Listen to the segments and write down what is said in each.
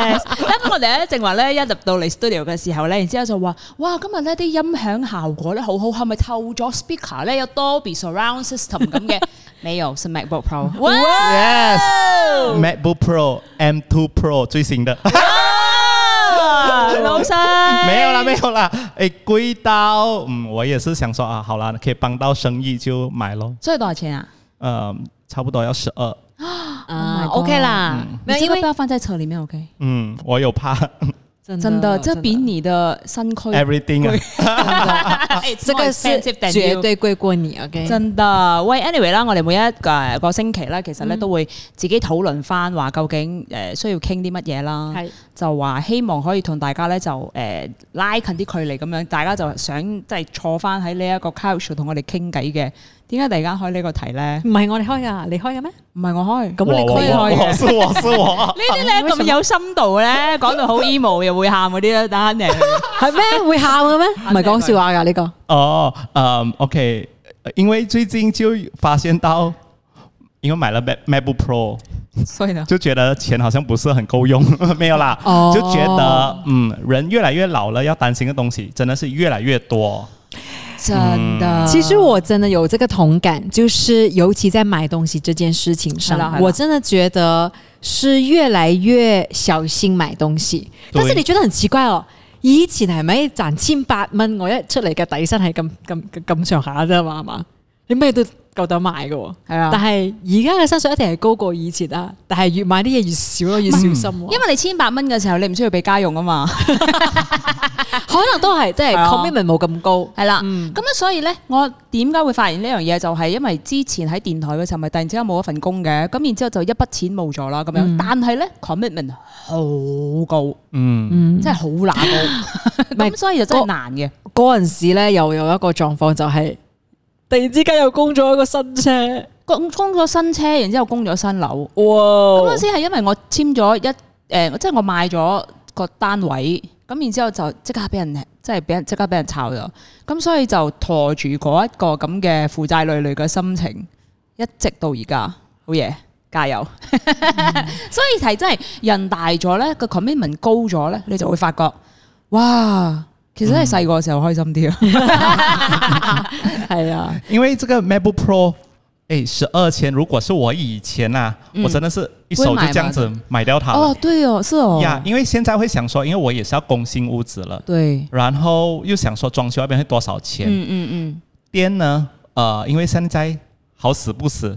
啱啱我哋咧正話咧一入到嚟 studio 嘅時候咧，然之後就話，哇，今日咧啲音響效果咧好好，係咪透咗 speaker 咧有 Dolby Surround System 咁嘅？沒有，是 MacBook Pro。哇！Yes，MacBook Pro M2 Pro 最新的。老師，沒有啦，沒有啦，誒，貴到，嗯，我也是想說啊，好啦，可以幫到生意就買咯。所以多少錢啊？嗯，差不多要十二。啊 OK 啦，你個不要放在車裡面,、嗯、車裡面 OK。嗯，我有怕，真的真的，這比你的身軀 everything 啊，這個、oh, 絕對貴過你 OK 真。真嘅，喂，anyway 啦，我哋每一個星期咧，其實咧都會自己討論翻話究竟誒需要傾啲乜嘢啦，係就話希望可以同大家咧就誒拉近啲距離咁樣，大家就想即係坐翻喺呢一個 couch 同我哋傾偈嘅。點解突然間開呢個題咧？唔係我哋開噶，你開嘅咩？唔係我開，咁你可以。何何蘇華， 呢啲，你咁有深度咧，講到好 emo 又會喊嗰啲咧等下你，i 係咩？會喊嘅咩？唔係講笑話㗎呢，這個。哦，嗯，OK，因為最近就發現到，因為買了 MacBook Pro， 所以呢就覺得錢好像不是很夠用， 沒有啦，oh. 就覺得嗯，人越來越老了，要擔心嘅東西真的是越來越多。真的，嗯，其實我真的有這個同感，就是尤其在買東西這件事情上，我真的覺得是越來越小心買東西。但是你覺得很奇怪哦，以前係咪賺千八蚊，我一出嚟嘅底薪係咁咁咁上下啫嘛？嘛？你咩都夠膽買嘅，係啊！但係而家嘅薪水一定係高過以前啊！但係越買啲嘢越少咯，越小心。嗯、因為你千八蚊嘅時候，你唔需要俾家用啊嘛， 可能都係即係 commitment 冇咁高，係啦、啊。咁、啊嗯、所以咧，我點解會發現呢樣嘢，就係因為之前喺電台嘅時候，咪突然之間冇咗份工嘅，咁然之後就一筆錢冇咗啦，咁、嗯、樣。但係咧，commitment 好高，嗯，真係好難。咁、嗯、所以就真係難嘅。嗰陣時咧，又有一個狀況就係、是。突然之間又供咗一個新車，供供咗新車，然之後供咗新樓，哇！咁嗰時係因為我簽咗一誒，即、呃、係、就是、我賣咗個單位，咁然之後就即刻俾人，即係俾人即刻俾人炒咗，咁所以就拖住嗰一個咁嘅負債累累嘅心情，一直到而家。好嘢，加油！嗯、 所以係真係人大咗咧，個 commitment 高咗咧，你就會發覺，哇！其實係細個的時候我開心啲咯、嗯，係 啊，因為這個 MacBook Pro，12 二、欸、千，000，如果是我以前啊、嗯，我真的是一手就這樣子買，買掉它。哦，對哦，是哦。Yeah, 因為現在會想說，因為我也是要更新屋子了，對，然後又想說裝修嗰邊會多少錢。嗯嗯嗯。邊、嗯、呢、呃？因為現在好死不死。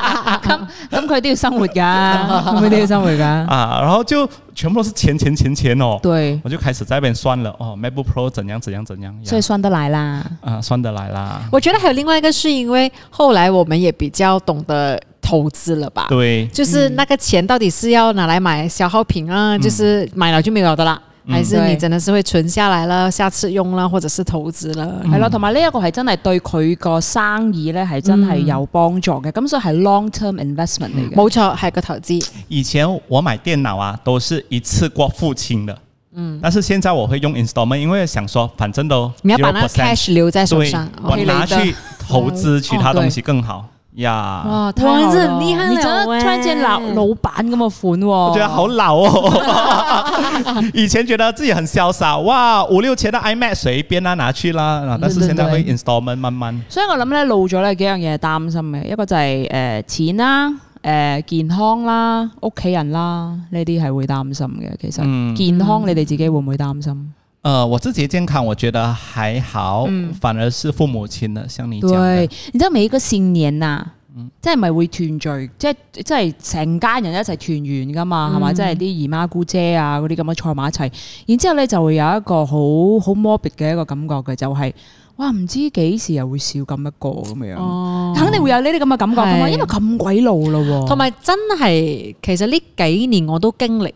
咁咁佢都要生活㗎、啊，佢都要生活㗎。啊，然後就全部都是錢 錢錢錢哦。對，我就開始在那邊算了哦，MacBook Pro 怎樣怎樣怎樣。所以算得來啦。啊，算得來啦。我覺得還有另外一個，是因為後來我們也比較懂得投資了吧？對，就是那個錢到底是要拿來買消耗品啊，就是買了就沒有了的啦。嗯還是你真的是會存下來啦、嗯，下次用啦，或者是投資啦，係咯，同埋呢一個係真係對佢個生意呢，係真係有幫助嘅，咁、嗯、所以係 long-term investment 嚟嘅，冇、嗯、錯係個投資。以前我買電腦啊都是一次過付清的，嗯，但是現在我會用 installment，因為想說反正都你要把那 cash 留在手上，我拿去投資其他東西更好。哦呀、yeah,！哇，同事很厲害，你真係突然間老老闆咁嘅款、哦，我覺得好老、哦、 以前覺得自己很瀟灑，哇，五六千的 iMac 隨便啦，拿去啦。但是現在會 installment 慢慢。對對，所以我諗咧老咗呢露幾樣嘢係擔心嘅，一個就係、是、誒、呃、錢啦、啊，誒、呃、健康啦、啊，屋企人啦、啊，呢啲係會擔心嘅。其實、嗯、健康你哋自己會唔會擔心？誒、呃，我自己健康我覺得還好、嗯，反而是父母親咧，像你對，你知道每一個新年呐、啊，即係咪會團聚，即係即係成家人一齊團圓噶嘛，係、嗯、嘛，即係啲姨媽姑姐啊嗰啲咁樣坐埋一齊，然之後咧就會有一個好好 mo 別嘅一個感覺嘅，就係、是、哇唔知幾時又會少咁一個咁樣、哦，肯定會有呢啲咁嘅感覺，因為咁鬼路咯，同埋真係其實呢幾年我都經歷。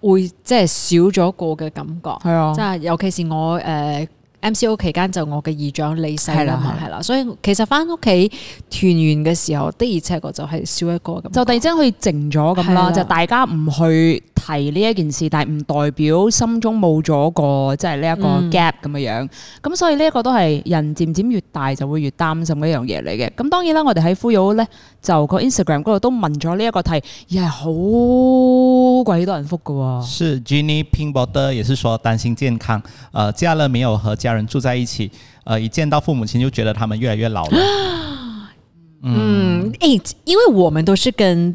會即係少咗個嘅感覺，係啊，即係尤其是我誒、呃、MCO 期間就我嘅姨丈離世啦，係啦、啊啊，所以其實翻屋企團圓嘅時候的而且確就係少一個咁，就突然之間可以靜咗咁啦，啊、就大家唔去。係呢一件事，但係唔代表心中冇咗個，即係呢一個 gap 咁、嗯、樣樣。咁、嗯、所以呢一個都係人漸漸越大就會越擔心嘅一樣嘢嚟嘅。咁、嗯、當然啦，我哋喺呼友咧就個 Instagram 嗰度都問咗呢一個題，而係好鬼多人覆噶、哦。是 Jenny Pingbo 的，也是說擔心健康。呃，家樂沒有和家人住在一起，呃，一見到父母親就覺得他們越來越老了，啊嗯。嗯，誒，因為我們都是跟。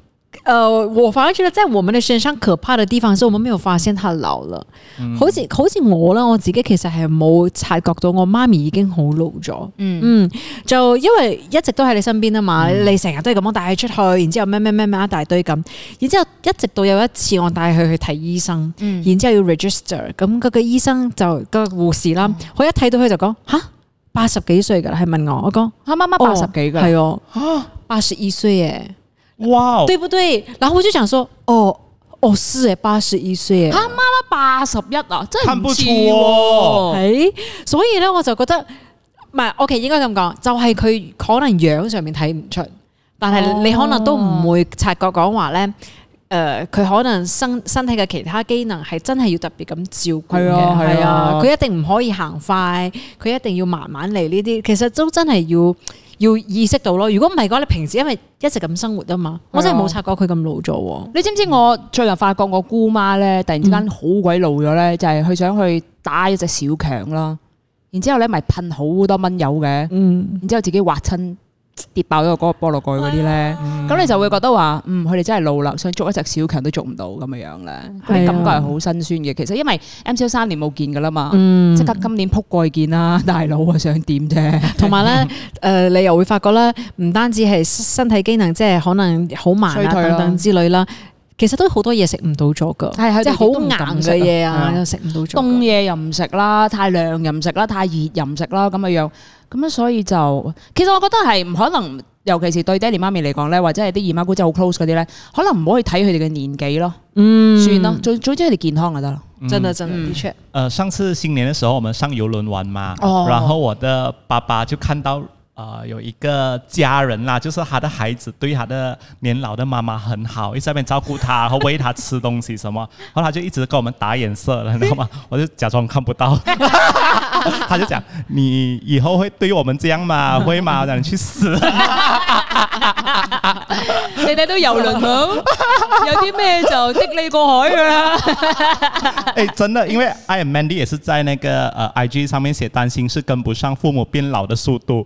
誒、呃，我反而覺得即係我們嘅身上可怕嘅地方，所以我們沒有發現他老了。好似好似我咧，我自己其實係冇察覺到我媽咪已經好老咗。嗯嗯，就因為一直都喺你身邊啊嘛，嗯、你成日都係咁樣帶佢出去，然之後咩咩咩咩一大堆咁，然之後一直到有一次我帶佢去睇醫生，嗯、然之後要 register，咁嗰個醫生就、嗰個護士啦，佢、嗯、一睇到佢就講吓，八十幾歲噶啦，係問我我講，啊，媽媽八十幾噶，係哦，八十二歲誒。哇、哦，對不對？然後我就想說，哦，哦，是誒，八十一歲誒，他媽媽八十一啊，真唔出誒，所以咧我就覺得，唔係，我其實應該咁講，就係、是、佢可能樣上面睇唔出，但係你可能都唔會察覺講話咧。哦誒、呃，佢可能身身體嘅其他機能係真係要特別咁照顧嘅，啊，係啊，佢、啊、一定唔可以行快，佢一定要慢慢嚟呢啲，其實都真係要要意識到咯。如果唔係嘅話，你平時因為一直咁生活嘛啊嘛，我真係冇察覺佢咁老咗、啊。你知唔知我最近發覺我姑媽咧，突然之間好鬼老咗咧、嗯，就係、是、佢想去打一隻小強啦，然之後咧咪噴好多蚊油嘅，嗯，然之後自己畫親。嗯嗯跌爆咗嗰個菠蘿蓋嗰啲咧，咁、哎呀嗯、你就會覺得話，嗯，佢哋真係老啦，想捉一隻小強都捉唔到咁嘅樣咧，嗰感覺係好辛酸嘅。其實因為 MCO 三年冇見嘅啦嘛，即、嗯、刻今年撲過去見啦，大佬啊想點啫？同埋咧，誒、 呃，你又會發覺咧，唔單止係身體機能，即係可能好慢啊等等之類啦。其實都好多嘢食唔到咗㗎，係係即係好硬嘅嘢啊，食唔到咗。凍嘢又唔食啦，太涼又唔食啦，太熱又唔食啦，咁啊樣咁啊樣，所以就其實我覺得係唔可能，尤其是對爹哋媽咪嚟講咧，或者係啲姨媽姑姐好 close 嗰啲咧，可能唔可以睇佢哋嘅年紀咯。嗯，算啦，最最緊係健康就得啦、嗯，真係真係，的確、嗯呃，上次新年嘅時候，我們上遊輪玩嘛、哦，然後我的爸爸就看到。呃，有一個家人啦，就是他的孩子對他的年老的媽媽很好，一直在邊照顧他，然後餵他吃東西什麼，然後他就一直跟我們打眼色了，你知道嗎？我就假裝看不到。 他就講：“你以後會對我們這樣嗎？ 會嗎？讓你去死。 ”你哋都遊輪冇？有啲咩就即你過海噶啦、 欸。真的，因為 I am Mandy 也是在那個、呃、IG 上面寫擔心是跟不上父母變老的速度。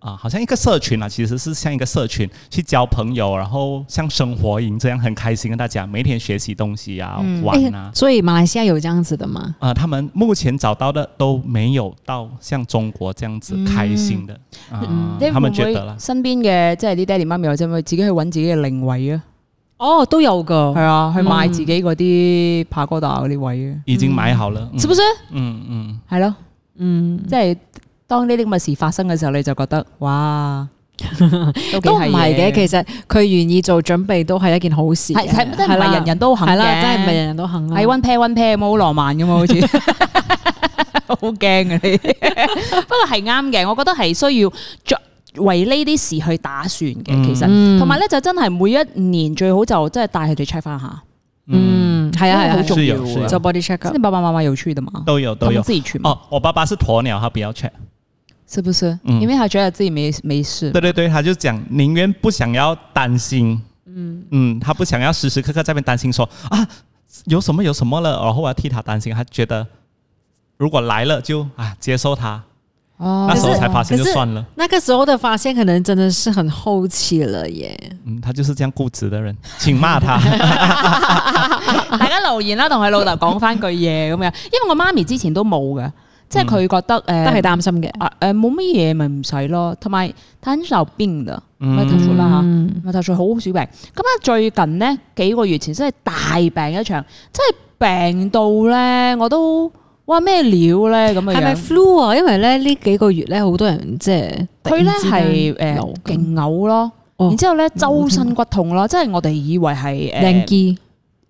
啊，好像一個社群啊，其實是像一個社群去交朋友，然後像生活營這樣很開心，跟大家每天學習東西啊，嗯、玩啊。所以馬來西亞有這樣子的嗎？啊，他們目前找到的都沒有到像中國這樣子開心的。嗯啊嗯、他們覺得啦。會唔會身邊嘅即係啲爹哋媽咪或者有冇自己去揾自己嘅靈位啊？哦，都有噶，係啊，去買自己嗰啲帕哥達嗰啲位嘅、嗯嗯，已經買好了，嗯、是不是？嗯嗯，係咯，嗯，在、嗯。即當呢啲咁嘅事發生嘅時候，你就覺得，哇，都唔係嘅。其實佢願意做準備都係一件好事的。係咪人人都肯？係，真係唔係人人都肯。係 one pair one pair，好浪漫噶嘛，好似 好驚啊！你 不過係啱嘅，我覺得係需要做為呢啲事去打算嘅。其實，同埋咧就真係每一年最好就真係帶佢哋 check 翻下。嗯，係、嗯嗯、啊，係、嗯、啊，好重要。做 body check，爸爸媽媽有去的嘛，都有都有，我爸爸是鴕鳥，不要 check。嗯是不是？因為他覺得自己沒、嗯、沒事。對對對，他就講寧願不想要擔心。嗯嗯，他不想要時時刻刻在那邊擔心說啊有什麼有什麼了，然後我要替他擔心。他覺得如果來了就啊接受他。哦。那時候才發現就算了。那個時候的發現可能真的是很後期了耶。嗯，他就是這樣固執的人，請罵他。 大家留言啦，同佢老豆講返句嘢咁樣，因為我媽咪之前都冇嘅。即係佢覺得誒，都、嗯、係擔心嘅。誒冇乜嘢咪唔使咯。同、啊、埋，我很少病嘅，我頭先啦嚇，我頭好少病。咁、嗯、啊，最近呢幾個月前真係大病一場，真係病到咧我都哇咩料咧咁嘅樣，係咪 flu 啊？因為咧呢幾個月咧好多人即係佢咧係誒勁嘔咯、哦，然之後咧周身骨痛咯、哦，即係我哋以為係。嗯嗯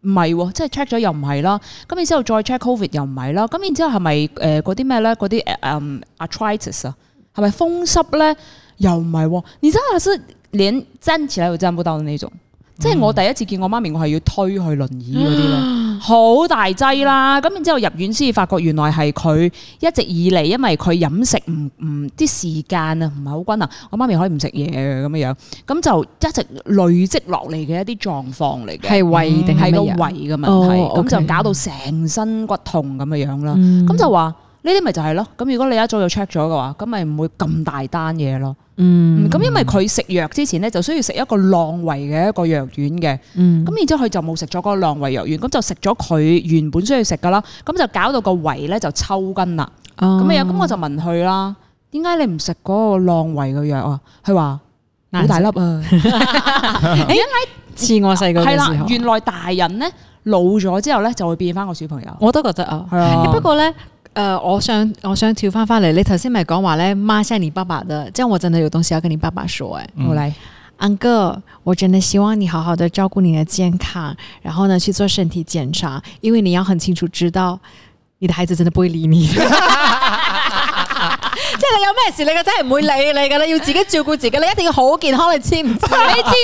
唔係喎，即係 check 咗又唔係啦，咁然之後再 check covid 又唔係啦，咁然之後係咪誒嗰啲咩咧？嗰啲誒嗯 arthritis 啊，係咪風濕咧？又唔係喎，你真係係好似連站起來都站不到的呢種。即係我第一次見我媽咪，我係要推去輪椅嗰啲咧，好、嗯、大劑啦！咁然之後入院先至發覺，原來係佢一直以嚟，因為佢飲食唔唔啲時間啊，唔係好均衡啊。我媽咪可以唔食嘢嘅咁樣樣，咁就一直累積落嚟嘅一啲狀況嚟嘅，係胃定係個胃嘅問題，咁、嗯、就搞到成身骨痛咁嘅樣啦。咁就話。呢啲咪就係咯，咁如果你一早就 check 咗嘅話，咁咪唔會咁大單嘢咯。嗯，咁因為佢食藥之前咧，就需要食一個浪胃嘅一個藥丸嘅。嗯，咁然之後佢就冇食咗嗰個浪胃藥丸，咁就食咗佢原本需要食嘅啦。咁就搞到個胃咧就抽筋啦。哦、嗯，咁啊，咁我就問佢啦，點解你唔食嗰個浪胃嘅藥啊？佢話好大粒啊！你一開似我細個時候，係啦，原來大人咧老咗之後咧就會變翻個小朋友。我都覺得啊，係啊，不過咧。呃、我想我想調翻翻嚟，你頭先咪講話咧，媽係你爸爸的，即係我真係有東西要跟你爸爸說，欸，誒、嗯，我嚟安哥，我真的希望你好好的照顧你的健康，然後呢去做身體檢查，因為你要很清楚知道，你的孩子真的不會理你，即係你有咩事，你嘅仔係唔會理你噶，你要自己照顧自己，你一定要好健康，你知唔知？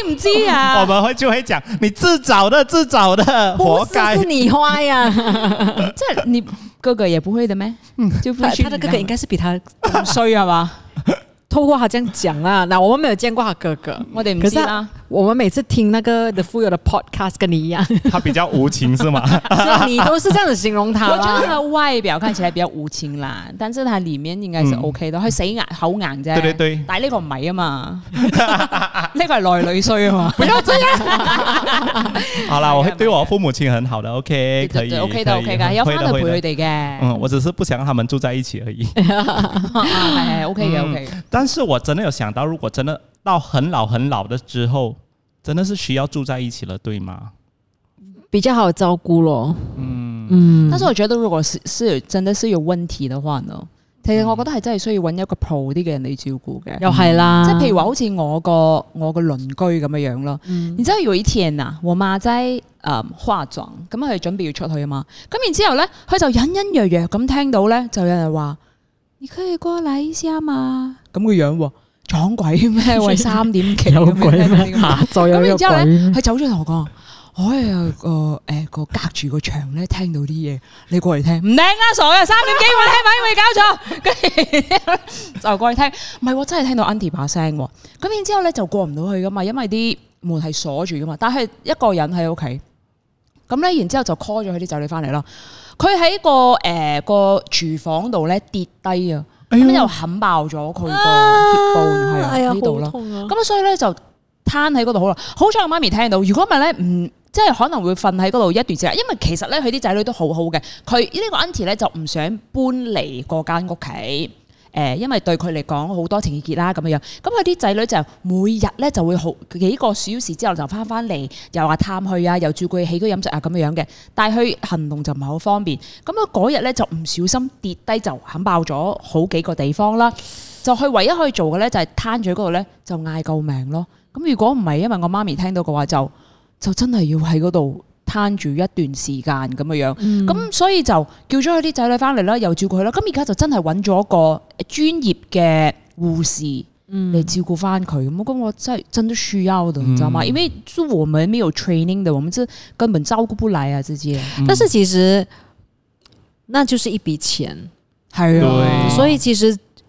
你 知唔知啊？我唔係就會講，你自找的，自找的，活該，啊， 你壞呀，即係你。哥哥也不會的嗎？嗯，就不他的哥哥應該是比他更衰好吧。 透過佢咁樣講啊，我們沒有見過他哥哥，可是我們每次聽那個 The Fuyoh 的 Podcast，跟你一樣，他比較無情，是嗎？ 你都是這樣子形容他，我覺得他外表看起來比較無情啦，但是他裏面應該是 OK 的，佢、嗯、死硬，口硬啫，對對對，但呢個迷啊嘛，呢個是內裏衰啊嘛，不要這樣。好啦，我對我父母親很好的，OK， 可以，OK 都 OK 噶，有翻嚟陪佢哋嘅。嗯，我只是不想佢哋住在一起而已。係、 啊、OK 嘅 OK。但是我真的有想到，如果真的到很老很老的之後，真的是需要住在一起了，對嗎？比較好照顧咯。嗯嗯。但是我覺得，如果是是真的是有問題的話呢，其實我覺得係真係需要揾一個 pro 啲嘅人嚟照顧嘅。又係啦，即、嗯、係譬如話好似我個我個鄰居咁樣樣咯。然之後有一天啊，我媽仔誒化妝咁，佢準備要出去啊嘛。咁然之後咧，佢就隱隱約約咁聽到咧，就有人話：你可以過嚟一下嘛。咁嘅樣喎，撞鬼咩？喂，三點幾咁樣，咁然之後咧，佢走咗同我講，哎呀個誒個隔住個牆咧，聽、聽、聽、啊呃、聽到啲嘢，你過嚟聽唔靚啊，傻嘅，三點幾喂，喂，未搞錯，跟住就過嚟聽，唔 係我真係聽到 aunty 把聲喎，咁然之後咧就過唔到去噶嘛，因為啲門係鎖住噶嘛，但係一個人喺屋企，咁咧，然之後就 call 咗佢啲仔女翻嚟啦，佢喺個誒個廚房度咧跌低啊。咁又冚爆咗佢個貼布，係啊，喺呢度咯。咁、啊、所以咧就攤喺嗰度好耐。好彩我媽咪聽到，如果唔係咧，唔即係可能會瞓喺嗰度一段時間。因為其實咧，佢啲仔女都好好嘅。佢呢個 uncle 咧就唔想搬嚟嗰間屋企。誒，因為對佢嚟講好多情結啦，咁樣樣，咁佢啲仔女就每日咧就會好幾個小時之後就翻翻嚟，又話探佢啊，又照顧佢起居飲食啊，咁樣樣嘅。但係佢行動就唔係好方便，咁佢嗰日咧就唔小心跌低就肯爆咗好幾個地方啦。就佢唯一可以做嘅咧就係攤住喺嗰度咧就嗌救命咯。咁如果唔係因為我媽咪聽到嘅話就就真係要喺嗰度。撐住一段時間咁樣樣，咁、嗯、所以就叫咗佢啲仔女翻嚟啦，又照顧佢啦。咁而家就真係揾咗一個專業嘅護士嚟照顧翻佢。不、嗯、過我真係真都需要的，你、嗯、知道嗎？因為做我們沒有 training 的，我們是根本照顧不來啊！直、嗯、接。但是其實，那就是一筆錢，係咯、啊。所以其實。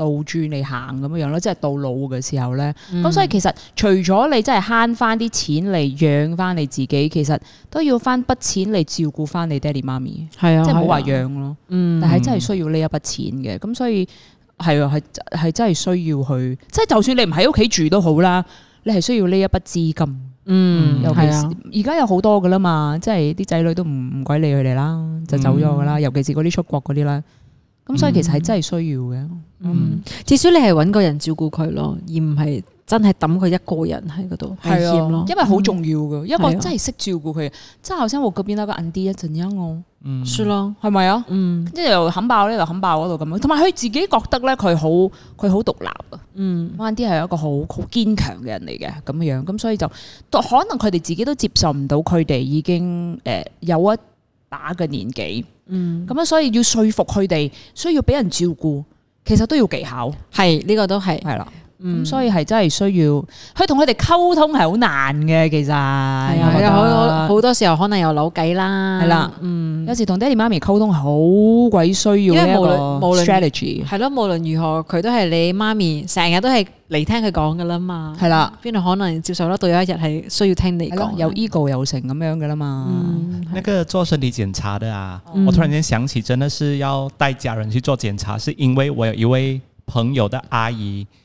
倒轉嚟行咁樣樣咯，即係到老嘅時候咧。咁、嗯、所以其實除咗你真係慳翻啲錢嚟養翻你自己，嗯、其實都要翻筆錢嚟照顧翻你爹哋媽咪。係啊，即係唔好話養咯。嗯，但係真係需要呢一筆錢嘅。咁所以係啊，係係真係需要去。即係就算你唔喺屋企住都好啦，你係需要呢一筆資金。嗯，尤其而家、啊、有好多噶啦嘛，即係啲仔女都唔唔鬼理佢哋啦，就走咗噶啦。嗯、尤其是嗰啲出國嗰啲啦。咁、嗯、所以其實係真係需要嘅，嗯，至少你係揾個人照顧佢咯、嗯，而唔係真係抌佢一個人喺嗰度係咯，因為好重要嘅，因為真係識照顧佢，真係好似我嗰邊那個 Andy 一樣哦，嗯，是咯，係咪啊，嗯，一又肯、啊嗯嗯、爆呢，又肯爆嗰度咁樣，同埋佢自己覺得咧，佢好佢好獨立嘅，嗯 Andy 係一個好好堅強嘅人嚟嘅咁樣，咁所以就可能佢哋自己都接受唔到佢哋已經誒、呃、有一。打嘅年紀，嗯，咁樣所以要說服佢哋，所以要俾人照顧，其實都要技巧，係呢、這個都係，係啦。嗯、所以係真係需要，去同佢哋溝通係好難嘅，其實係啊，好、啊、多好多時候可能又扭計啦，係啦、啊，嗯，有時同爹哋媽咪溝通好鬼需要一個 strategy，因為無論、無論、係咯，無論如何佢都係你媽咪，成日都係嚟聽佢講噶啦嘛，係啦、啊，邊度可能接受得到？有一日係需要聽你講、啊，有 ego 有成咁樣噶啦嘛、嗯啊。那個做身體檢查的啊，嗯、我突然間想起，真的是要帶家人去做檢查，是因為我有一位朋友的阿姨。嗯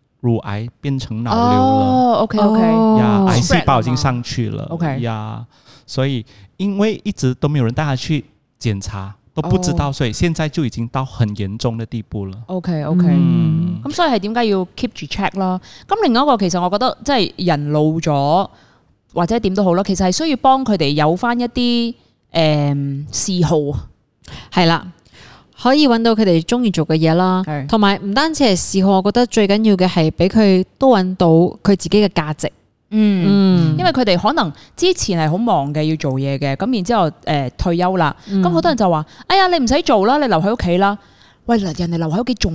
乳癌變成腦瘤了。oh，OK OK，呀，癌細胞已經上去了，呀，okay. yeah，所以因為一直都沒有人帶佢去檢查，okay. 都不知道，oh. 所以現在就已經到很嚴重的地步了。OK OK，咁、嗯嗯、所以係點解要 keep 住 check 咯。咁另外一個其實我覺得即係、就是、人老咗或者點都好啦，其實係需要幫佢哋有翻一啲誒、呃、嗜好，係啦。可以揾到佢哋中意做嘅嘢啦，同埋唔單止係嗜好，我覺得最緊要嘅係俾佢都揾到佢自己嘅價值。嗯，嗯，因為佢哋可能之前係好忙嘅，要做嘢嘅，咁然之後誒、呃、退休啦，咁好、嗯、多人就話：哎呀，你唔使做啦，你留喺屋企啦。喂，嗱，人哋留喺屋企仲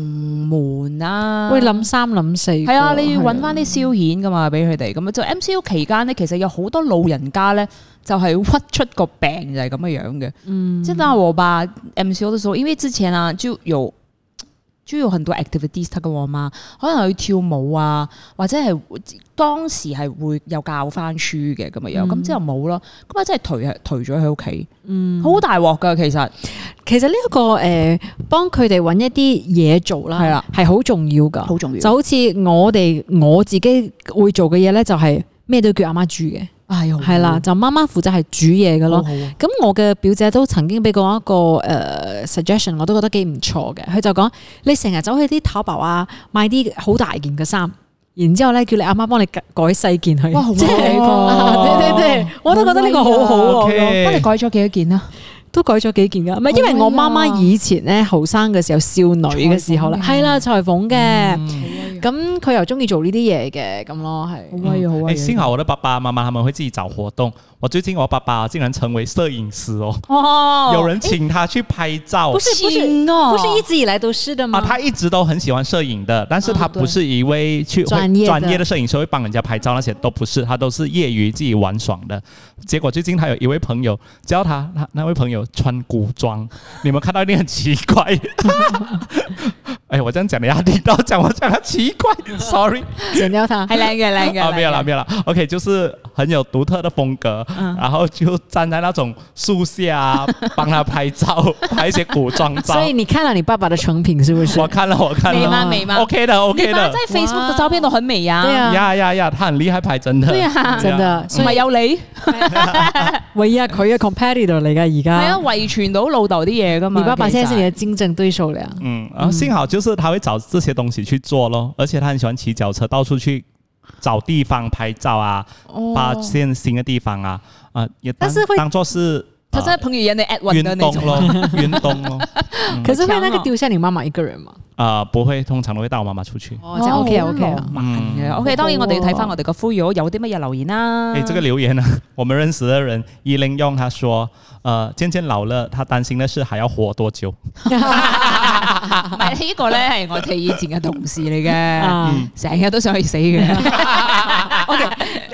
悶啊。喂諗三諗四，係啊，你要揾翻啲消遣噶嘛，俾佢哋咁啊。就 MCO 期間咧，其實有好多老人家咧，就係鬱出個病就係咁嘅樣嘅。嗯哼，即係但係我爸 MCO 嘅時候，因為之前啊，就有。主要有很多 activities，佢咁我阿媽，可能去跳舞啊，或者係當時係會有教返書嘅咁嘅樣，咁之後冇咯，咁啊真係頹係頹咗喺屋企，嗯，好大鑊噶其實，其實呢、這、一個誒、呃，幫佢哋揾一啲嘢做啦，係啦的，係好重要噶，好重要，就好似我哋我自己會做嘅嘢咧，就係咩都叫阿媽煮嘅。係、哎，係啦，就媽媽負責係煮嘢嘅咯。咁、啊、我嘅表姐都曾經俾過一個誒、uh, suggestion，我都覺得幾唔錯嘅。佢就講你成日走去啲淘寶啊，買啲好大件嘅衫，然之後咧叫你阿媽，媽幫你改細件去。即好，好啊、即係啊！我都覺得呢個好好咯、啊 okay。幫你改咗幾多件啊？都改咗幾件噶。咪因為我媽媽以前咧後生嘅時候，少女嘅時候啦，係啦，裁縫嘅。咁佢又中意做呢啲嘢嘅，咁咯係。好威好啊，幸好我的爸爸媽媽他們會自己找活動。我最近我爸爸竟然成為攝影師哦,哦！有人請他去拍照。欸、不是不是、哦、不是一直以來都是的嗎？啊、他一直都很喜歡攝影的，但是他不是一位去專業專業的攝影師，會幫人家拍照那些都不是，他都是業餘自己玩耍的。結果最近他有一位朋友叫他，他那位朋友穿古裝， 你們看到一定很奇怪。 哎，我這樣講你又聽到講，我講得奇怪，sorry，剪掉佢。還來個，來個。哦，沒有了沒有了 OK，就是很有獨特的風格、嗯，然後就站在那種樹下，幫他拍照， 拍一些古裝照。所以你看了你爸爸的成品，是不是？我看了，我看了。美嗎？美嗎？OK 的，OK 的。Okay 的，你爸在 Facebook 嘅照片都很美啊。對呀呀呀，佢、yeah, yeah, yeah, 很厲害拍，真的對呀、啊，真、yeah. 嘅。所以 不是有你， 唯一佢嘅 competitor 嚟噶而家。係啊，遺傳到老豆啲嘢噶嘛。你爸爸先係嘅競爭對手嚟、嗯、啊。嗯，幸好就。就是他會找這些東西去做咯，而且他很喜歡騎腳車到處去找地方拍照啊，發、哦、現新的地方啊，啊、呃、也但是會當做是他在彭于晏的運動咯， 運動咯、 嗯。可是會那個丟下你媽媽一個人嗎？啊、哦呃，不會，通常都會帶我媽媽出去。哦，就 OK OK o、okay 嗯嗯、k、okay, 當然我哋要睇翻我哋個夫友、哦、有啲乜嘢留言啦、啊。誒、哎，這個留言呢、啊，我們認識的人伊玲用他說：，呃，漸漸老了，他擔心的是還要活多久。 唔係呢個咧，係我哋以前嘅同事嚟嘅，成、啊、日都想去死嘅。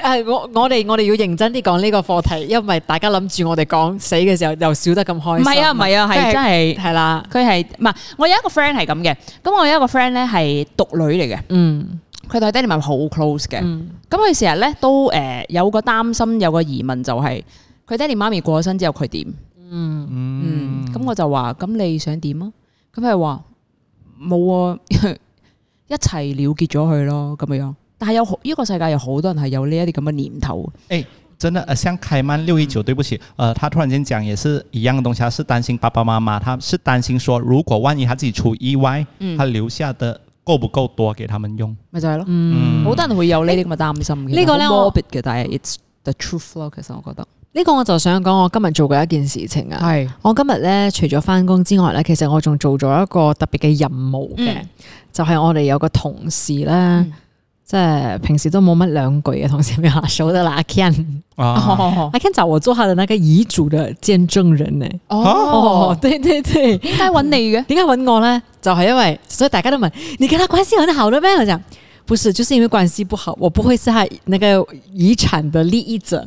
誒，我我哋我哋要認真啲講呢個課題，因為大家諗住我哋講死嘅時候，又笑得咁開心。唔係啊，唔係啊，係真係係啦。佢係唔係？我有一個 friend 係咁嘅，咁我有一個 friend 咧係獨女嚟嘅。嗯，佢對爹哋媽咪好 close 嘅。咁佢成日咧都誒有個擔心，有個疑問就係佢爹哋媽咪過咗身之後佢點？嗯嗯。咁我就話：，咁你想點啊？咁佢話冇一齊了結咗佢咯，咁樣樣。但係有呢個世界有好多人係有呢一啲咁嘅念頭。誒、嗯欸，真的，誒，像開曼六一九，對不起，誒、呃，他突然間講也是一樣嘅東西，他是擔心爸爸媽媽，他是擔心說如果萬一他自己出意外，嗯、他留下的夠不夠多給他們用？咪就係、是、咯，嗯，好多人會有呢啲咁嘅擔心嘅。呢個咧我嘅，但係 it's the truth 咯，其實我覺得。呢、這個我就想講，我今日做過一件事情啊，係我今日咧除咗翻工之外咧，其實我仲做咗一個特別嘅任務嘅、嗯，就係、是、我哋有一個同事咧，即、嗯、係平時都冇乜兩句嘅同事說的，咪下數得阿 Ken，、哦、阿 Ken 揾我做下的那個遺囑嘅見證人呢。哦，哦對對對，點解揾你嘅？點解揾我咧？就係、是、因為所以大家都問，你佢哋關係很好嘅咩？我就：「不是，就是因為關係不好，我不會是他那個遺產的利益者。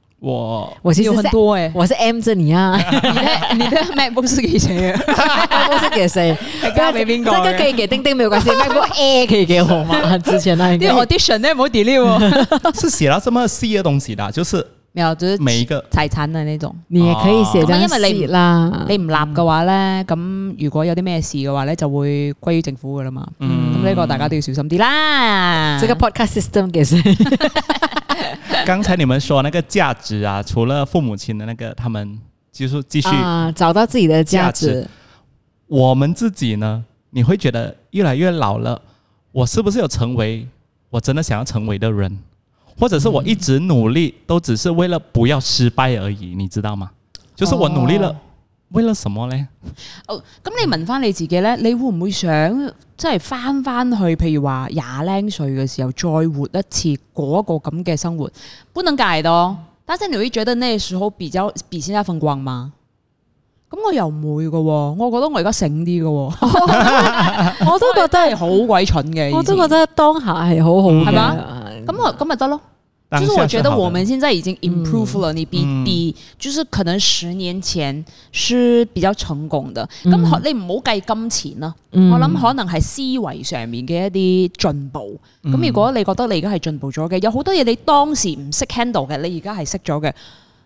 我我其實很多誒、欸，我是 M 着你啊， 你的你啲 MacBook 不是給誰，不 o 給誰，呢 個可以給叮叮沒有關係，麥 部 A 可以給我嗎？ 之前那一個，你 audition 冇底力喎，是寫了這麼細嘅東西啦，就是沒有，就是每一個財產啊呢種，你也可以寫真、啊。咁因為你啦、啊，你唔立嘅話咧，咁如果有啲咩事嘅話咧，就會歸於政府噶啦嘛。嗯。嗯、這個大家都要小心啲啦。這個 podcast system 剛才你們說那個價值啊，除了父母親的那個，他們就是繼續繼續啊，找到自己的價值。我們自己呢，你會覺得越來越老了，我是不是有成為我真的想要成為的人？或者是我一直努力都只是為了不要失敗而已，你知道嗎？就是我努力了。為了什麼咧？哦，咁你問翻你自己咧，你會唔會想即係翻翻去，譬如話廿零歲嘅時候再活一次，過一個咁嘅生活？不能改的，但是你會覺得那時候比較比現在風光嗎？咁我又唔會嘅，我覺得我而家醒啲嘅， 我都覺得係好鬼蠢嘅， 我都覺得當下係好好，係嘛？咁、嗯、啊，咁咪得咯。就是我覺得我們現在已經 improve 了，你比比，就是可能十年前是比較成功的，咁、嗯、你唔好計金錢啦、嗯，我諗可能係思維上面嘅一啲進步，咁、嗯、如果你覺得你而家係進步咗嘅，有好多嘢，你當時唔識 handle 嘅，你而家係識咗嘅。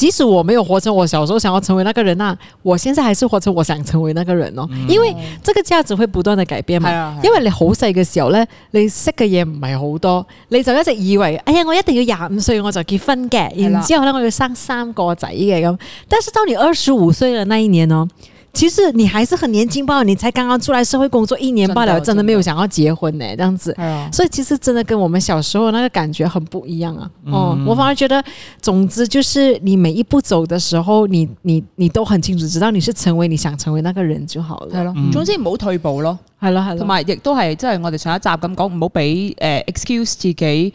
即使我沒有活成我小時候想要成為那個人啊，我現在還是活成我想成為那個人哦，因為這個價值會不斷的改變嘛。因為你好細嘅時候呢，你識嘅嘢唔係好多，你就一直以為，哎呀，我一定要廿五歲我就結婚嘅，然之後咧我要生三個仔嘅咁。但是當你二十五歲嘅那一年呢？其實你還是很年輕吧？你才剛剛出來社會工作一年罷了，真的沒有想要結婚呢，這樣子。所以其實真的跟我們小時候那個感覺很不一樣啊。嗯、哦，我反而覺得，總之就是你每一步走的時候，你你你都很清楚，知道你是成為你想成為那個人就好了。係咯、嗯，總之唔好退步咯。係咯，係咯，同埋亦都係，即、就是、我哋上一集咁講，唔好俾呃 excuse 自己。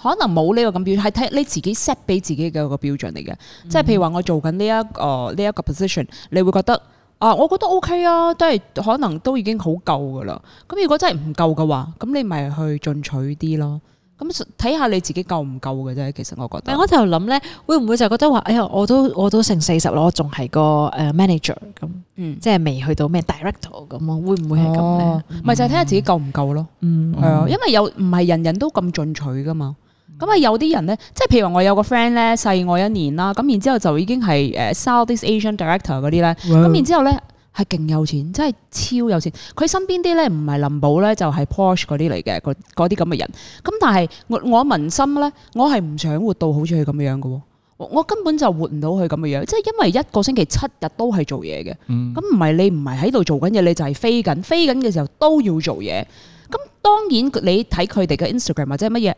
可能冇呢個咁標準，係睇你自己 set 俾自己嘅個標準嚟嘅。即係譬如話，我做緊呢一個呢一、嗯呃呢個、position，你會覺得啊，我覺得 OK 啊，都係可能都已經好夠㗎啦。咁如果真係唔夠嘅話，咁你咪去進取啲咯。咁睇下你自己夠唔夠嘅啫。其實我覺得，但我就諗咧，會唔會就覺得話，哎呀，我都我都，我都成四十啦，我仲係個 manager 咁、嗯，即係未去到咩 director 咁咯？會唔會係咁咧？咪就睇下自己夠唔夠咯。嗯，嗯，係啊，因為有唔係人人都咁進取噶嘛。咁啊，有啲人咧，即係譬如我有個 friend 咧，細我一年啦。咁然之後就已經係誒 South East Asian Director 嗰啲咧。咁、wow. 然之後咧係勁有錢，真係超有錢。佢身邊啲咧唔係林寶咧，就係、是、Porsche 嗰啲嚟嘅，嗰啲咁嘅人。咁但係我我民心咧，我係唔想活到好似佢咁樣嘅。喎。我根本就活唔到佢咁嘅樣，即係因為一個星期七日都係、mm. 做嘢嘅。咁唔係你唔係喺度做緊嘢，你就係飛緊飛緊嘅時候都要做嘢。咁當然你睇佢哋嘅 Instagram 或者係乜嘢。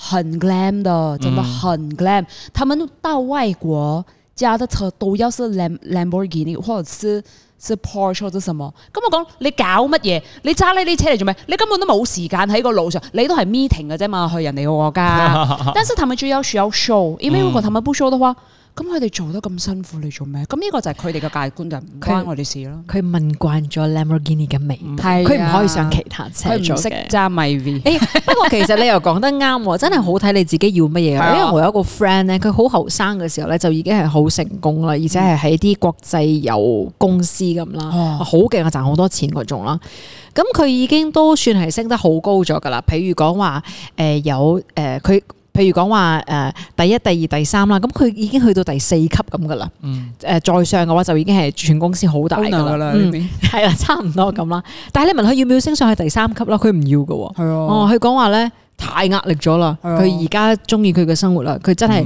很 glam 的，真的很 glam、嗯。他們到外國家的車都要是 Lamb, Lamborghini，或者是是 Porsche 或者什麼。咁我講你搞乜嘢？你揸呢啲車嚟做咩？你根本都冇時間喺個路上，你都係 meeting 嘅啫嘛，去人哋個國家。 但是他們就要需要 show，因為如果他們不 show 嘅話。嗯咁佢哋做得咁辛苦，你做咩？咁呢個就係佢哋嘅價值觀，就唔關我哋事咯。佢聞慣咗 Lamborghini 嘅味，佢唔、啊、可以上其他車，佢唔識揸 m v。不過其實你又講得啱，真係好睇你自己要乜嘢。 因為我有一個 friend 咧，佢好後生嘅時候咧就已經係好成功啦，而且係喺啲國際油公司咁啦，好勁啊，賺好多錢嗰種啦。咁佢已經都算係升得好高咗噶啦。譬如講話誒有誒佢。呃譬如講話誒第一、第二、第三啦，咁佢已經去到第四級咁噶啦。嗯，誒再上嘅話就已經係全公司好大噶啦。係啊、嗯，差唔多咁啦。 但係你問佢要唔要升上去第三級啦，佢唔要嘅喎、哦。哦，佢講話咧太壓力咗啦。佢而家中意佢嘅生活啦。佢真係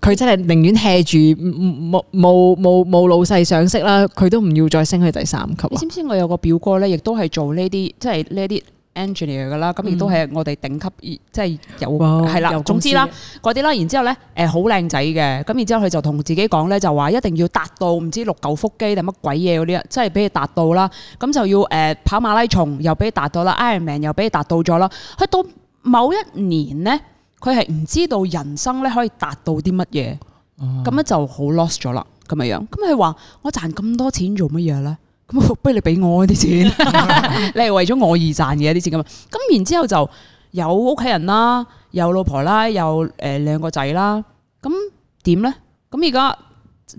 佢、嗯、真係寧願 hea 住冇冇冇冇老細賞識啦，佢都唔要再升去第三級。你知唔知我有個表哥咧，亦都係做呢啲，即係呢啲。Engineer 嘅啦，咁亦都係我哋頂級，嗯、即係有係啦。總之啦，嗰啲啦，然之後咧，誒好靚仔嘅，咁然之後佢就同自己講咧，就話一定要達到唔知六嚿腹肌定乜鬼嘢嗰啲，即係俾你達到啦。咁就要誒、呃、跑馬拉松，又俾你達到啦，Ironman 又俾你達到咗啦。去到某一年咧，佢係唔知道人生咧可以達到啲乜嘢，咁、嗯、咧就好 lost 咗啦，咁嘅樣。咁佢話：我賺咁多錢做乜嘢咧？咁不如你俾我啲錢， 你係為咗我而賺嘅啲錢咁啊！咁然之後就有屋企人啦，有老婆啦，有誒兩個仔啦。咁點咧？咁而家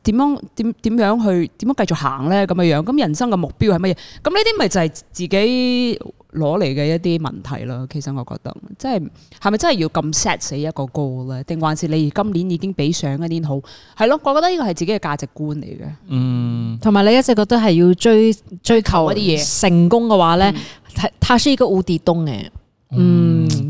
點樣點點樣去點樣繼續行咧？咁嘅樣，咁人生嘅目標係乜嘢？咁呢啲咪就係自己。攞嚟嘅一啲問題囉，其實我覺得，即係係咪真係要咁 set 死一個歌咧？定還是你今年已經比上一年好？係咯，我覺得呢個係自己嘅價值觀嚟嘅。嗯，同埋你一直覺得係要追追求一啲嘢成功嘅話咧 t o u c 蝴蝶 n 東嘅，嗯。嗯嗯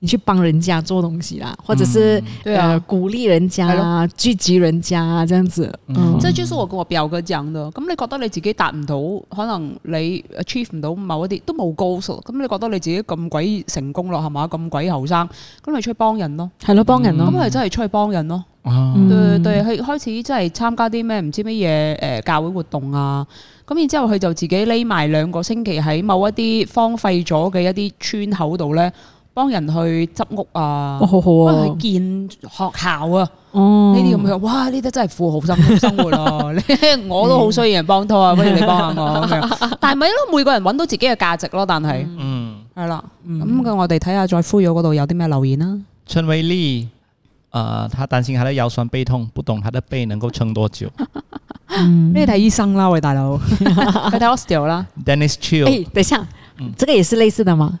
你去幫人家做東西啦，或者是誒、嗯啊呃、鼓勵人家啦，聚集人家啊，這樣子，嗯嗯、即這就是我跟我表哥講的。咁你覺得你自己達唔到，可能你 achieve 唔到某一啲都冇 goals 咁你覺得你自己咁鬼成功咯，係嘛？咁鬼後生，咁你出去幫人咯，係咯，幫人咯，咁、嗯、係真係出去幫人咯。啊、嗯，對對，對，對，佢開始真係參加啲咩唔知乜嘢誒教會活動啊，咁然之後佢就自己匿埋兩個星期喺某一啲荒廢咗嘅一啲村口度咧。幫人去執屋啊，幫佢建學校啊，呢啲咁樣，哇！呢啲真係富豪生活咯、啊， 我都好需要人幫拖、嗯、啊，不如你幫下我。但係咪咯？每個人揾到自己嘅價值咯，但係，係、嗯、啦。咁嘅、嗯、我哋睇下 THE FUYOH 嗰度有啲咩留言啦。陳偉利，啊，呃、他擔心他的腰酸背痛，不懂他的背能夠撐多久。咩、嗯、睇醫生啦，喂大，大佬，睇 osteo 啦。Dennis Chill，誒、欸，等下、嗯，這個也是類似的嗎？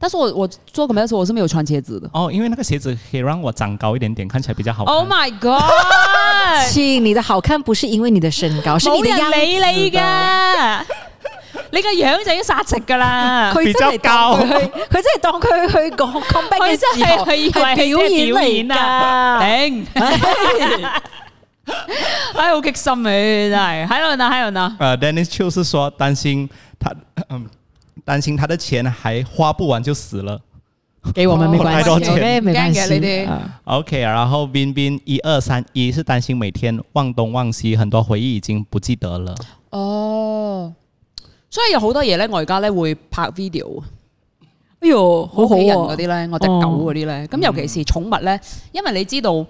但是我我做個模特時我是沒有穿鞋子的哦，因為那個鞋子可以讓我長高一點點，看起來比較好看。Oh my god！親， 你的好看不是因為你的身高，你的是你的樣。沒 人理你噶，你個樣就要殺直噶啦。佢真係教佢！佢真係當佢去個，去去去表演嚟噶，頂、啊。 哎，好激心嘅真係。 還有呢？還有呢？呃，Dennis Chu 是說擔心他，嗯、呃。擔心他的錢還花不完就死了，給我們沒關係， 沒關係，OK，然後斌斌一二三一是擔心每天忘東忘西，很多回憶已經不記得了。哦，所以有好多嘢咧，我而家咧會拍 video。哎呦，好好人嗰啲咧，我隻狗嗰啲咧，咁、哦、尤其是寵物咧，因為你知道。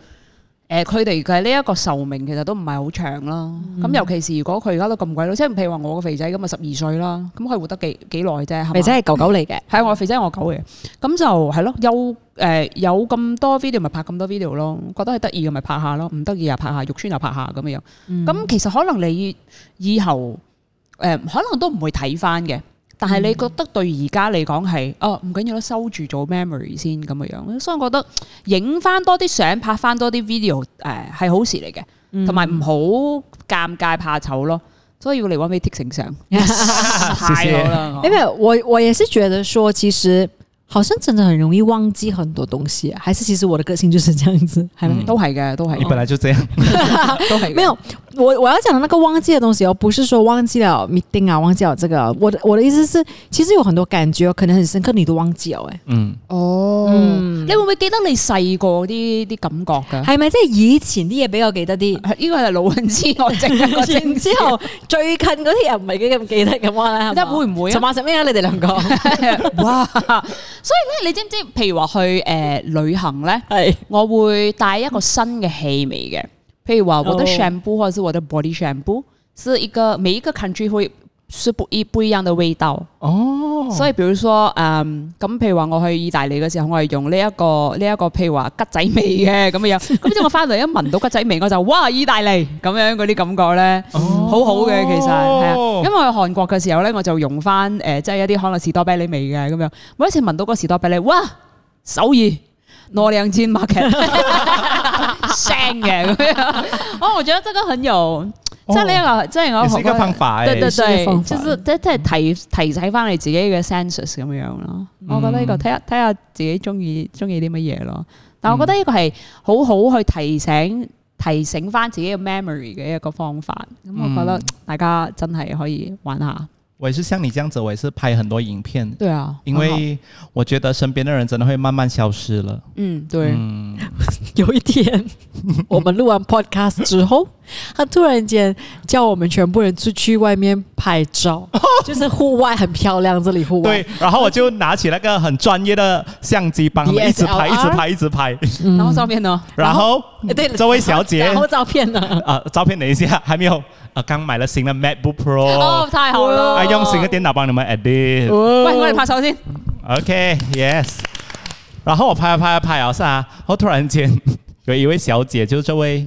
誒佢哋嘅呢一個壽命其實都唔係好長啦，咁、嗯、尤其是如果佢而家都咁鬼老，即係譬如話我個肥仔咁啊十二歲啦，咁佢活得幾幾耐啫？肥仔係狗狗嚟嘅，係我肥仔係我狗嘅，咁、嗯、就係咯，有誒、呃、有咁多 video 咪拍咁多 video 咯，覺得係得意嘅咪拍下咯，唔得意又拍下，肉酸又拍下咁樣，咁、嗯、其實可能你以後誒、呃、可能都唔會睇翻嘅。但係你覺得對而家嚟講係哦唔緊要咯，收住咗 memory 先咁嘅樣，所以我覺得影翻多啲相，拍翻多啲 video 誒、呃、係好事嚟嘅，同埋唔好尷尬怕醜咯，所以要嚟玩 biting 相， yes, 太好啦，因為我我也是覺得說其實。好像真的很容易忘記很多東西，啊，還是其實我的個性就是這樣子，係咪？都係嘅，都係。你本來就這樣， 都係是的。 沒有，我我要講那個忘記嘅東西哦，我不是說忘記了 meeting 啊，忘記了這個，我的我的意思是，其實有很多感覺可能很深刻，你都忘記了，欸，誒，嗯，哦，嗯，你會唔會記得你細個啲啲感覺噶？係咪即係以前啲嘢比較記得啲？呢 個係老人痴呆症， 我正之後 最近嗰啲又唔係幾咁記得咁啊？即係會唔會尋晚食咩啊？你哋兩兩個， 哇！所以呢，你知唔知道，譬如話去、呃、旅行呢，我會帶一個新嘅氣味嘅。譬如話，我的 shampoo、oh. 或者我的 body shampoo 是一個每一個 country 會是不一不一樣的味道哦，所以，比如說，嗯、呃，咁譬如話我去意大利嘅時候，我係用呢、這、一個呢一、這個譬如話桔仔味嘅咁樣，咁 即我翻嚟一聞到桔仔味，我就哇意大利咁樣嗰啲感覺咧，好好嘅其實係啊，因為我去韓國嘅時候咧，我就用翻誒、呃，即係一啲可能士多啤梨味嘅咁樣，每一次聞到個士多啤梨，哇，首爾攞兩千 market 聲嘅哦， 我覺得真的很有。哦、即係呢一個，即係我學，對對對，是就是即係、就是就是、提提醒翻你自己嘅 senses 咁樣咯、嗯。我覺得呢、這個睇下睇下自己中意中意啲乜嘢咯。但我覺得呢個係好好去提醒提醒翻自己嘅 memory 嘅一個方法。咁、嗯、我覺得大家真係可以玩下。我也是像你這樣子，我也是拍很多影片。對啊，因為我覺得身邊嘅人真的會慢慢消失了。嗯，對， 有一天 我們錄完 podcast 之後。 他突然間叫我們全部人出去外面拍照， 就是戶外很漂亮，這裏戶外。對，然後我就拿起那個很專業的相機，幫他們一直拍，DSLR？一直拍，一直拍，一直拍。然後照片呢？然後，哎、對，這位小姐然。然後照片呢？啊，照片等一下還沒有，啊，剛買了新的 MacBook Pro。哦，太好了。啊，用新的電腦幫你們 Edit。哦、喂，我來拍手先。OK，Yes。Okay, yes. 然後我拍拍、啊、拍啊是啊、啊啊，然後突然間有一位小姐，就是這位。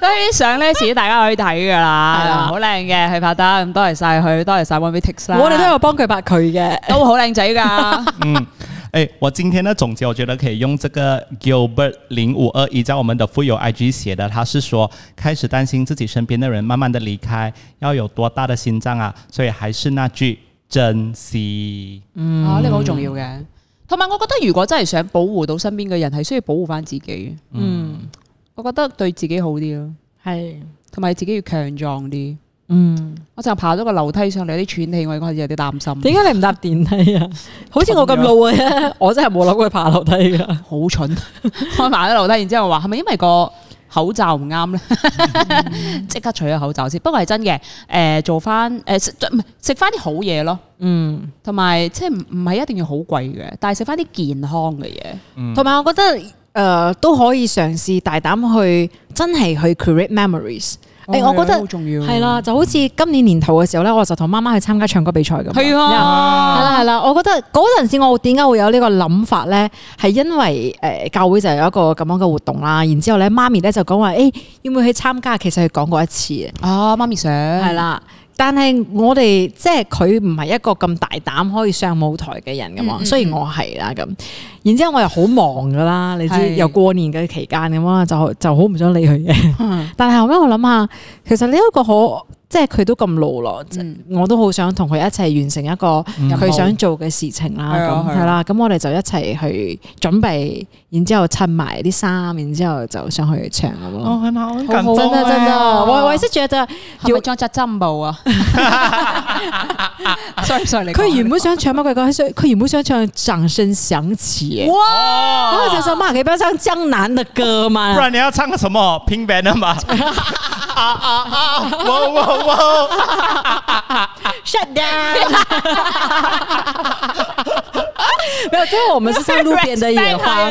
所以相咧，遲啲大家可以睇噶、啊、 啦，好靚嘅，佢拍得咁多謝晒佢，多謝晒 One V Tiksla，我哋都有幫佢拍佢嘅，都好靚仔噶。 嗯，誒、欸，我今天嘅總結，我覺得可以用這個 Gilbert 零五二一在我們的富有 IG 寫的，他是說開始擔心自己身邊的人慢慢的離開，要有多大的心臟啊？所以還是那句珍惜，嗯，呢、哦這個好重要嘅。同、嗯、埋，我覺得如果真係想保護到身邊嘅人，係需要保護翻自己。嗯。我覺得對自己好啲咯，係是，同埋自己要強壯啲。嗯，我就爬咗個樓梯上嚟，有啲喘氣，我應該有啲擔心。點解你唔搭電梯啊？好似我咁老啊， 我真係冇諗過爬樓梯噶。 好蠢，我爬咗樓梯，然之後話係咪因為個口罩唔啱咧？即 刻取咗口罩先。不過係真嘅，誒、呃，做翻誒食唔食翻啲好嘢咯？嗯，同埋即係唔唔係一定要好貴嘅，但係食翻啲健康嘅嘢。同埋、嗯、我覺得。誒、呃，都可以嘗試大膽去，真係去 create memories。誒，我覺得好重要係啦，就好似今年年頭嘅時候咧，我就同媽媽去參加唱歌比賽咁。係啊，係啦係啦，我覺得嗰陣時我點解會有個呢個諗法咧？係因為誒、呃、教會就有一個咁樣嘅活動啦。然之後咧，媽咪咧就講話，誒、欸，要唔要去參加？其實係講過一次嘅。哦，媽咪想係啦。但係我哋即係佢唔係一個咁大膽可以上舞台嘅人噶嘛，嗯、雖然我係啦咁，然之後我又好忙噶啦，你知又是過年嘅期間咁啊，就就好唔想理佢嘅。嗯、但係後尾我諗下，其實呢、這、一個好，即係佢都咁老咯，嗯、我都好想同佢一齊完成一個佢想做嘅事情啦，係啦務，咁那我哋就一齊去準備。然之後襯埋啲衫，然之後就上去唱咁咯。哦、嗯，係、oh，嘛，好感動啊！真的真的，我我也是覺得要裝下真模啊。所以所以你佢原本想唱乜鬼歌？佢原本想唱《掌聲響起》wow!。哇！我就想問你，不要唱江南的歌嗎？ 不然你要唱個什麼？Pink Venom 嘛？哇哇哇！Shut down！沒 有， 因為我們是在路邊的野花。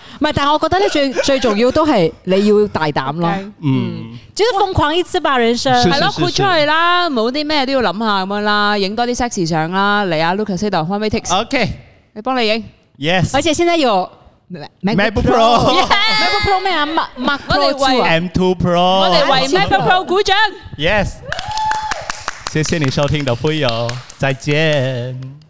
唔係，但係我覺得咧最 最重要都係你要大膽咯，okay, 嗯，即係瘋狂一次吧人生，係咯，豁出去啦，冇啲咩都要諗下咁啦，影多啲 sexy 相啦，嚟啊，Lucas，how many takes，OK，你幫你影，Yes，而且現在有 MacBook Pro MacBook Pro 咩啊 Mac 我哋為 M2 Pro，我哋為 MacBook Pro 鼓掌 Pro，Yes，嗯、謝謝你收聽的 Fuyoh，再見。